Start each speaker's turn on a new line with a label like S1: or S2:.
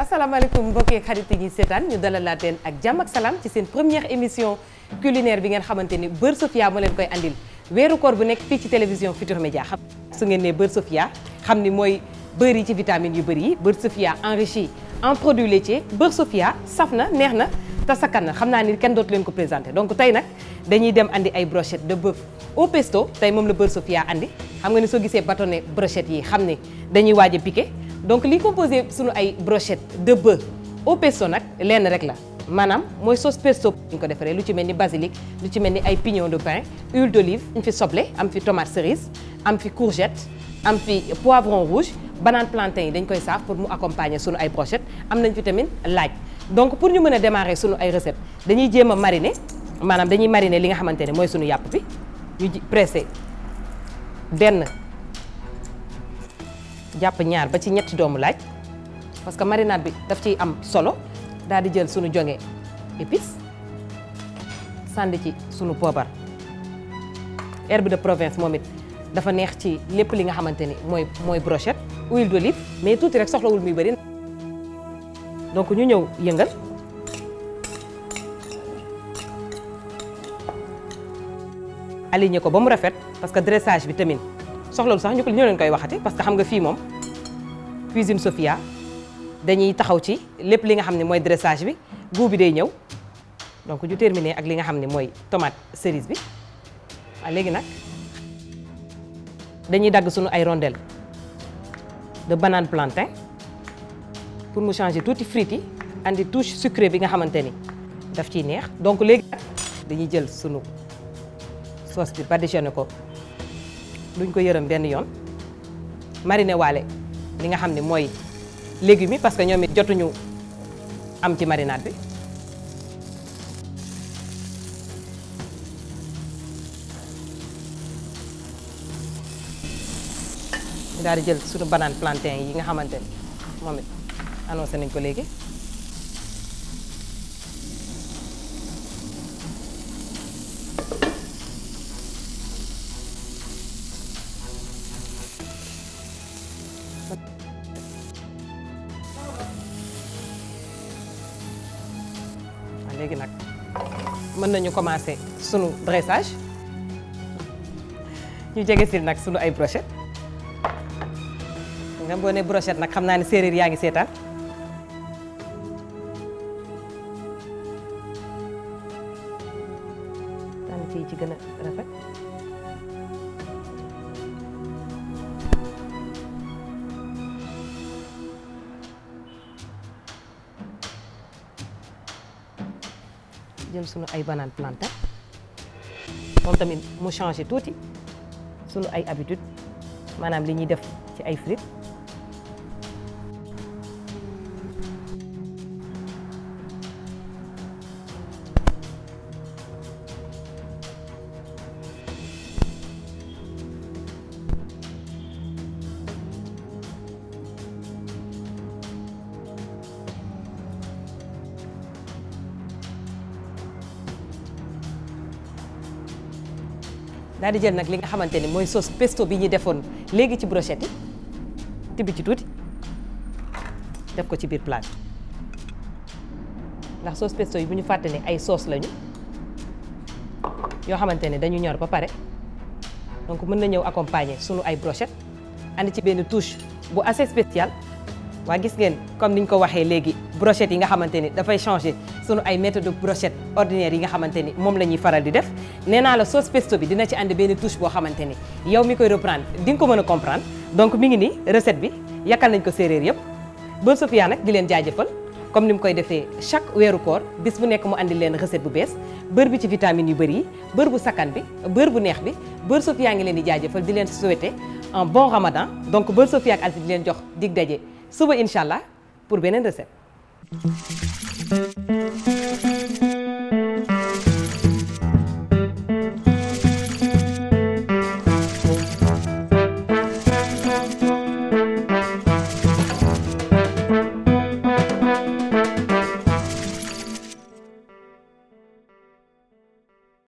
S1: asalaamaaleykum mbokki xarit yi ñuy seetaan ñu dalalaat ak jàmm ak salaam ci seen première émission culinaire bi ngeen xamante ni Beurre Sofia moo leen koy andil weeru koor bu nekk fii ci télévision Futur Média xam su ngeen ne Beurre Sofia xam ni mooy bëri ci vitamines yu bëri yi beurre Sofia enrichi en produits laitiers beurre Sofia saf na neex na te sakkan na xam naa ni kenn dootu leen ko présenté donc tey nag dañuy dem andi ay brochettes de bœuf au pesto tey moom la beurre Sofia andi xam nga ni soo gisee bâtonnet brochettes yi xam ne dañuy waaj a piqué donc li composé suñu ay brochettes de bœuf au pesto nag lenn rek la maanaam mooy sauce pesto ñu ko defaree lu ci mel ni basilic lu ci mel ni ay pignon de pin huile d'olive am fi soble am fi tomate am fi courgette am fi banaan plantain yi dañ koy saaf pour mu accompagner sunu ay brochettes am nañ fi tamit laaj donc pour ñu mën a démarrer sunu ay recettes dañuy jéem a mariner maanaam dañuy mariner li nga xamante ne mooy sunu yàpp bi ñu ji pressé benn jàpp ñaar ba ci ñetti doomu laaj parce que marinade bi daf ciy am solo daal di jël sunu jonge épices sànni ci sunu poobar herbe de province moom it dafa neex ci lépp li nga xamante ni mooy mooy brochette huile d'olive mais tuuti rek soxlawul muy bëri donc ñu ñëw yëngal aligné ko ba mu rafet parce que dressage bi tamit soxlawul sax ñu ko ñoo leen koy waxati parce que xam nga fii moom cuisine Sofia dañuy taxaw ci lépp li nga xam ne mooy dressage bi goût bi day ñëw donc ñu terminé ak li nga xam ne mooy tomat cerise bi waaw ah, léegi nag dañuy dagg suñu ay rondelles de banane plantain pour mu changer tuuti frites yi andi touche sucrée bi nga xamante ni daf ciy neex donc léegi dañuy jël sunu sauce bi badigeonné ko duñ ko yërëm benn yoon marine waale li nga xam ne mooy légumes yi parce que ñoom it jotuñu am ci marinade bi ñu di jël sunu banaan plantain yi nga xamante ni moom it annoncé nañ ko léegi léegi nag mën nañu commencer sunu dressage ñu jege si nag sunu ay brochette nga ne brochette nag xam naa ne séeréer yaa ngi seetaan. daan ci jël sunu ay banaan plantain moom tamit mu changé tuuti sunu ay habitude maanaam li ñuy def ci ay frites daal di jël nag li nga xamante ni mooy sauce pesto bi ñu defoon léegi ci brochette yi tibb ci tuuti def ko ci biir plat ndax sauce pesto yi bu ñu fàtte ne ay soos lañu yoo xamante ne dañu ñor ba pare donc mën na ñëw accompagner sunu ay brochette andi ci benn touche bu assez spécial waa gis ngeen comme ni ñu ko waxee léegi brochette yi nga xamante ni dafay changer sunu ay méthode de brochette ordinaire yi nga xamante ni moom la ñuy faral di def nee naa la sauce pesto bi dina ci ànd benn touche boo xamante ni yow mi koy reprendre di ko mën a comprendre donc mi ngi nii recette bi yàkkal nañ ko séeréer yëpp Bonne Sofia nag di leen jaajëfal comme ni mu koy defee chaque weeru koor bis bu nekk mu andi leen recette bu bees beurre bi ci vitamines yu bëri yi beurre bu sakkan bi bër bu neex bi Bonne Sofia ngi leen di jaajëfal di leen souhaiter un bon ramadan donc Bonne Sofia ak Alphie leen jox dig daje suba incha allah pour beneen set